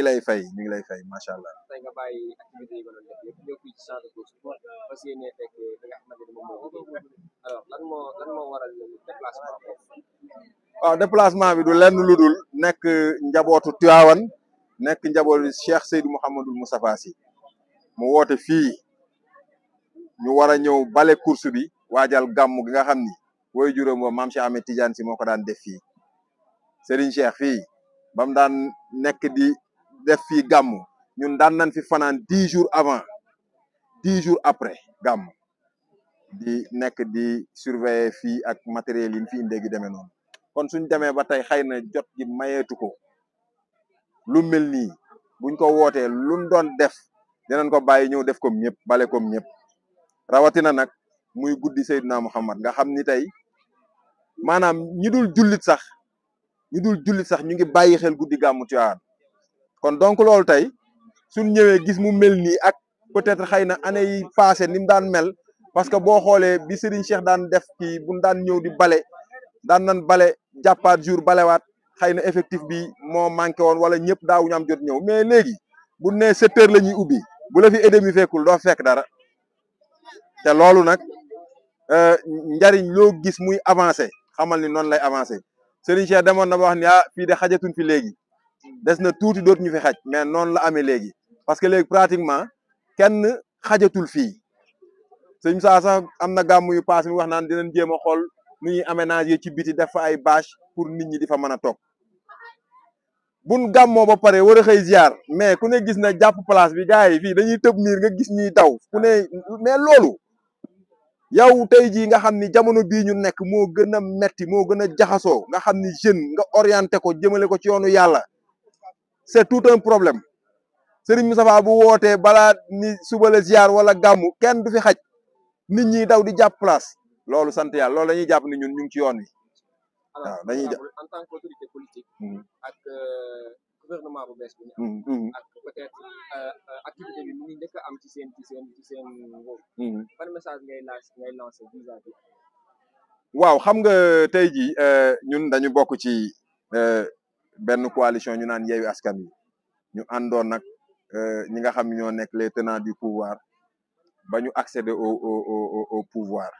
ngi lay fay ñu ngi lay fay macha allah. tey nga déplacement bi du lenn lu dul nekk njabootu Tivaouane nekk njabootu Cheikh Seydou mu Moustapha Sy mu woote fii ñu war a ñëw bale course bi waajal gàmm gi nga xam ni woy juróom wa maam Cheikh Ahmed Tidiane moo ko daan def fii Serigne Cheikh bam daan nekk di def fii gàmm ñun daan nañ fi fanaan dix jours avant dix jours après gàmm di nekk di surveiller fii ak matériel yi fi indee gi demee noonu kon suñ demee ba tey xëy na jot gi mayeetu ko lu mel nii buñ ko wootee luñ doon def dinañ ko bàyyi ñëw def comme ñëpp bale comme ñëpp rawatina nag muy guddi Seydina Muhammad nga xam ni tey maanaam ñi dul jullit sax ñu dul jullit sax ñu ngi bàyyi xel guddi gàmmu Tiwaawan kon donc loolu tey suñ ñëwee gis mu mel nii ak peut-être xëy na année yi passé ni mu daan mel parce que boo xoolee bi Serigne Cheikh daan def kii buñ daan ñëw di bale daan nan bale jàppaat jour balewaat xëy na effectif bi moo manqué woon wala ñëpp daawuñu am jot ñëw mais léegi bu nee sept heures ñuy ubbi bu la fi edem yi fekkul doo fekk dara te loolu nag euh, njariñ loo gis muy avancé xamal ni noonu lay avancé Serigne Cheikh demoon na ba wax ni ah fii de xajatuñ fi léegi des na tuuti dootu ñu fi xaj mais noonu la amee léegi parce que léegi pratiquement kenn xajatul fii sëñ saa sax am na gàmm yu paas mi wax naan dinañ jéem a xool nu ñuy aménager ci biti def fa ay bâche pour nit ñi di fa mën a toog buñ gàmmoo ba pare war xëy ziar mais ku ne gis na jàpp place bi gars yi dañuy tëb miir nga gis ñuy daw ku ne loolu yow tey jii nga xam ni jamono bii ñu nekk moo gën a metti moo gën a jaxasoo nga xam ni jeune nga orienté ko jëmale ko ci yoonu yàlla c'est tout un problème Serigne Moustapha bu wootee balaa ni suba la ziar wala gàmmu kenn du fi xaj nit ñi daw di jàpp place loolu sant yàlla loolu dañuy jàpp ni ñun ñu ngi ci yoon wi waaw dañuy jàpp en tant qu'autorité politique hmm. euh, bees bi hmm, hmm. ak euh, njëkk am ci seen ci seen ci seen woowu ban message ngay laaj xam nga tey jii euh, ñun dañu bokk ci benn coalition ñu naan yeewi askan wi ñu àndoon nag euh, ñi nga xam ñoo nekk les tenants du pouvoir ba ñu accéder au au au pouvoir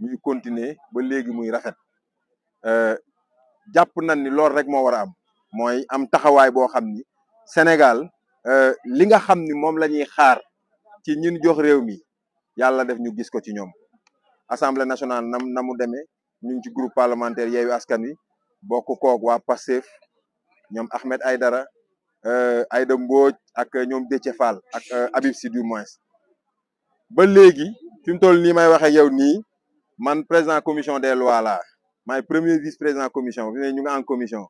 ñuy continuer ba léegi muy rafet euh, jàpp nañ ni loolu rek moo war a am mooy am taxawaay boo xam ni Sénégal euh, li nga xam ni moom la ñuy xaar ci ñun jox réew mi yàlla def ñu gis ko ci ñoom assemblée nationale nam na mu demee ñu ngi ci groupe parlementaire yeewi askan wi bokk koog waa Pastef ñom Ahmed euh Ayda Mbodj ak euh, ñom Déthié Fall ak euh, Habib sidou du moins ba légui fi toll ni may waxe yow ni man président commission des lois la may premier vice président commission bi ñu ngi en commission.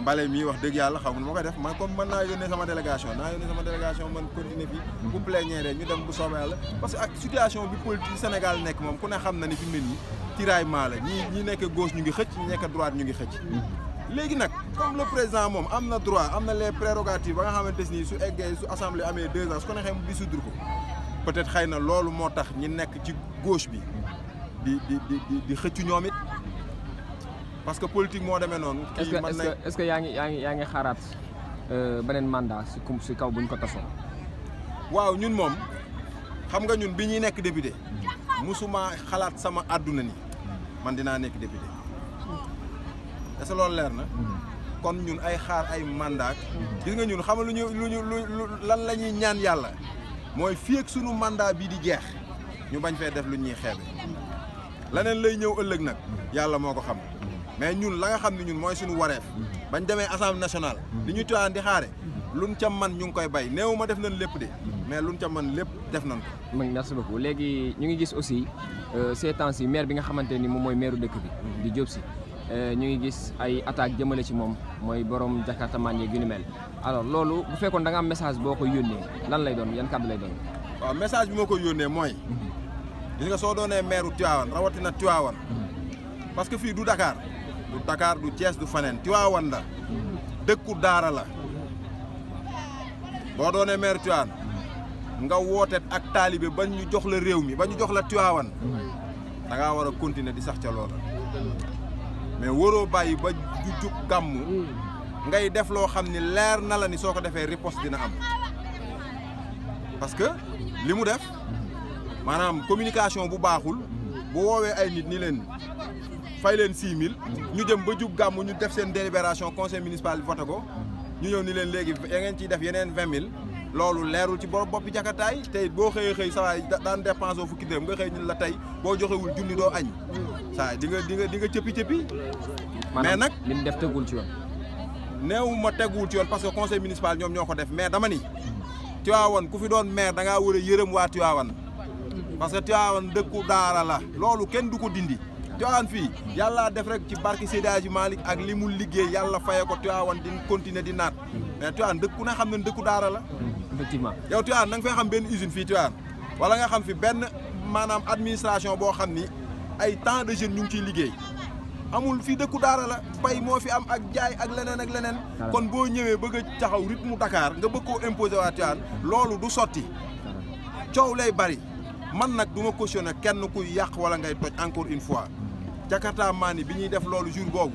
mbalé mi wax deug yalla xaw ma nu def man comme man naa yónnee sama délégation na yónnee sama délégation man continuer fi bu plénière ñu dem bu soobee yàlla parce que ak situation bi politique Sénégal nek mom ku ne xam na ni fi mu ne nii tiraillement la ñi ñi nek gauche ñu ngi xëc ñi nek droite ñu ngi xëc léegi nag comme le président moom am droit am les prérogatives ba nga xamante ni su eggee su assemblée amee deux ans su ko neexee mu dissoudre ko peut-être xëy na loolu moo tax ñi nekk ci gauche bi di di di di xëccu ñoom it parce que politique moo demee noonu. kii mën nañ est-ce que yaa ngi yaa ngi yaa ngi xaaraat euh, beneen mandat si kum si kaw bu ñu ko tasoon. waaw ñun moom xam nga ñun bi ñuy nekk député musuma xalaat sama àdduna ni man dinaa nekk député. est-ce que leer na. kon ñun ay xaar ay mandat gis nga ñun xam lu ñu lu ñu lu lan la ñuy ñaan yàlla mooy fii ak sunu mandat bii di jeex ñu bañ fee def lu ñuy xeebe leneen lay ñëw ëllëg nag yàlla moo ko xam mais ñun la nga xam ne ñun mooy suñu wareef bañ demee assemblée nationale li ñu tuwaan di xaare ñu ca man ñu ngi koy bay néew ma def nañ lépp de mais ñu ca man lépp def nañ ko. merci beaucoup léegi ñu ngi gis aussi euh, ces temps ci maire bi nga xamante ni moom mooy maire dëkk bi di Diop Sy Euh, ñu ngi gis ay attaque jëmale ci borom jakarta man yeeg mel alors loolu bu fekkoon da nga am message boo ko lan lay doon yan kàddu lay doon waaw message bi moo ko yónnee gis nga soo doonee maire Tivaouane rawatina Tivaouane parce que fii du Dakar du Dakar du Thiès du faneen tuawan. la dëkku daara la boo doonee maire Tivaouane nga woote ak taalibe ba ñu jox la réew mi ñu jox la da continuer di sax ca mais woro bàyyi ba ju jub gàmmu ngay def lo xamni ni na la ni soko defé riposte dina am parce que li def manam communication bu baxul bu wowe ay nit ni len fay len six mille ñu dem ba jub gamu. ñu def sen délibération conseil municipal voté ko ñu ñew ni len légui ya ngeen ci def yenen vingt mille Lalu leerul ci borom bop jakataay tay bo xey xey sa way daan dépensé fukki dem nga xey ñu la tey boo joxewul junni doo añ cepi di nga di nga di nga cëppi cëppi. mais nak lim def teggul ci yoon. néew ma tegul ci yoon parce que conseil municipal ñom ñoko def mais dama ni. ku fi doon maire da nga war a yërëm waa Tivaouane. parce que Tivaouane dëkku daara la loolu kenn duko dindi. Tivaouane fi yalla def rek ci barki ak limu yalla ko di continuer di naat mais Tivaouane dëkku na xamne daara la. effectivement yow Tivaouane na nga fay xam benn usine fii Tivaouane wala nga xam fi benn maanaam administration boo xam ni ay temps de jeunes ñu ciy liggéey amul fii dëkku daara la bay moo fi am ak jaay ak leneen ak leneen kon boo ñëwee bëgg a taxaw rythme dakaar nga bëgg koo imposer waa Tivaouane loolu du sotti coow lay bari man nag du ma cautionné kenn kuy yàq wala ngay toj encore une fois Jakarta maa ni bi ñuy def loolu jour boobu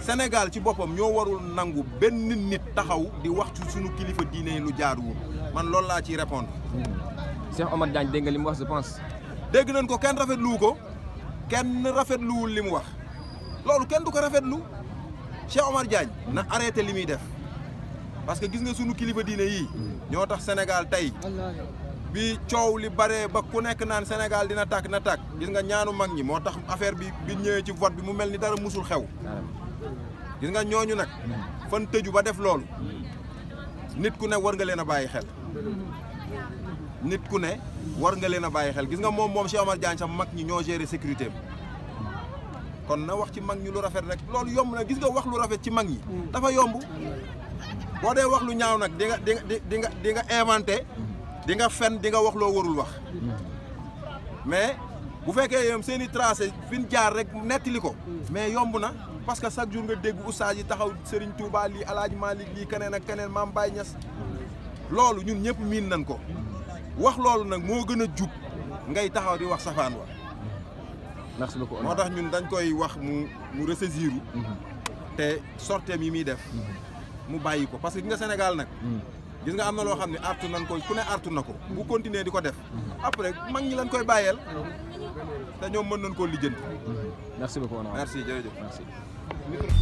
Sénégal ci boppam ñoo warul nangu benn nit taxaw di wax ci suñu répondre. Cheikh Omar Diagne je pense. nañ ko kenn rafetlu ko kenn tu Omar Diagne na parce que gis nga suñu Sénégal bi ciow li bare ba ku Sénégal dina tak na tu gis nga ñaanu mag ñi motax affaire vote gis nga ñooñu nag fan tëju ba def loolu nit ku ne war nga leen a bàyyi xel nit ku ne war nga leen a bàyyi xel gis nga moom moom Cheikh Omar Diagne sax mag ñi ñoo gérer sécurité kon na wax ci mag ñi lu rafet rek loolu yomb na gis nga wax lu rafet ci mag ñi dafa yomb boo dee wax lu ñaaw nag di nga di nga di nga inventé di nga fen di nga wax loo warul wax mais bu fekkee yom seen i tracé fi ñu jaar rek nettali ko mais yomb na parce que chaque jour nga dégg oustaz yi taxaw Serigne Touba lii El Hadj Malick lii keneen ak keneen Maam Baye Niass loolu ñun ñëpp miin nañ ko wax loolu nag moo gën a jub ngay taxaw di wax safaan wa merci beaucoup moo tax ñun dañ koy wax mu mu ressaisir mhm. te sorteem yi muy def mhm. mu bàyyi ko parce que nga Sénégal nag mhm. gis nga am na loo xam ne artu nañ ko ku ne artu na ko bu continuer di ko def après mag ñi lañ koy bàyyeel te ñoom mën nañ koo lijjanti merci beaucoup merci Mikro...